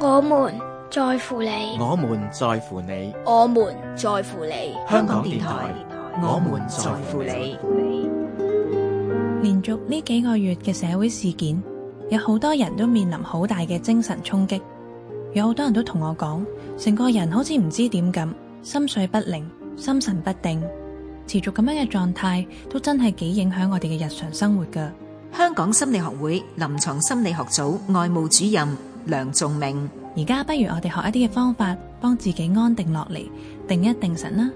我們在乎你，我們在乎你，我們在乎你。香港電台我們在乎你。連續呢幾個月嘅社會事件，有好多人都面臨好大嘅精神衝擊，有好多人都同我講，成個人好似唔知點咁，心緒不寧，心神不定，持續咁樣嘅狀態，都真係幾影響我哋嘅日常生活㗎。香港心理學會臨床心理學組外務主任。梁重皿，而家不如我哋學一啲嘅方法，幫自己安定落嚟，定一定神啦。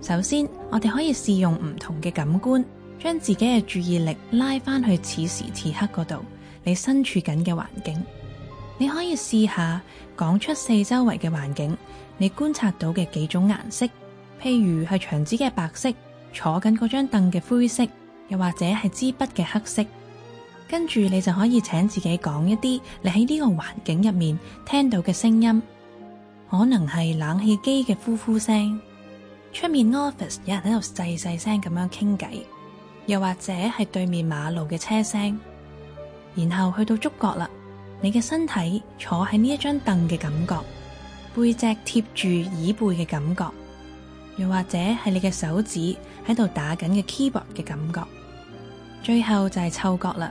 首先，我哋可以試用唔同嘅感官，將自己嘅注意力拉翻去此時此刻嗰度，你身處緊嘅環境。你可以試下講出四周圍嘅環境，你觀察到嘅幾種顏色，譬如係牆紙嘅白色，坐緊嗰張凳嘅灰色，又或者係支筆嘅黑色。跟住你就可以請自己講一啲你喺呢個環境入面聽到嘅聲音，可能係冷氣機嘅呼呼聲，出面 office 有人喺度細細聲咁樣傾偈，又或者係對面馬路嘅車聲。然後去到觸覺啦，你嘅身體坐喺呢一張凳嘅感覺，背脊貼住椅背嘅感覺，又或者係你嘅手指喺度打緊嘅 keyboard 嘅感覺。最後就係嗅覺啦。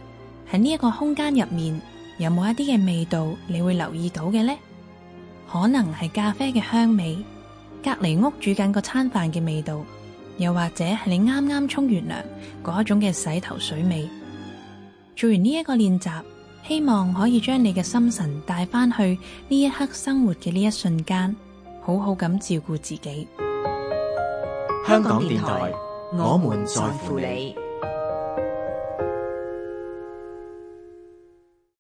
喺呢一個空間入面，有冇一啲嘅味道你會留意到嘅呢？可能係咖啡嘅香味，隔籬屋煮緊個餐飯嘅味道，又或者係你啱啱沖完涼嗰一種嘅洗頭水味。做完呢一個練習，希望可以將你嘅心神帶翻去呢一刻生活嘅呢一瞬間，好好咁照顧自己。香港電台，我們在乎你。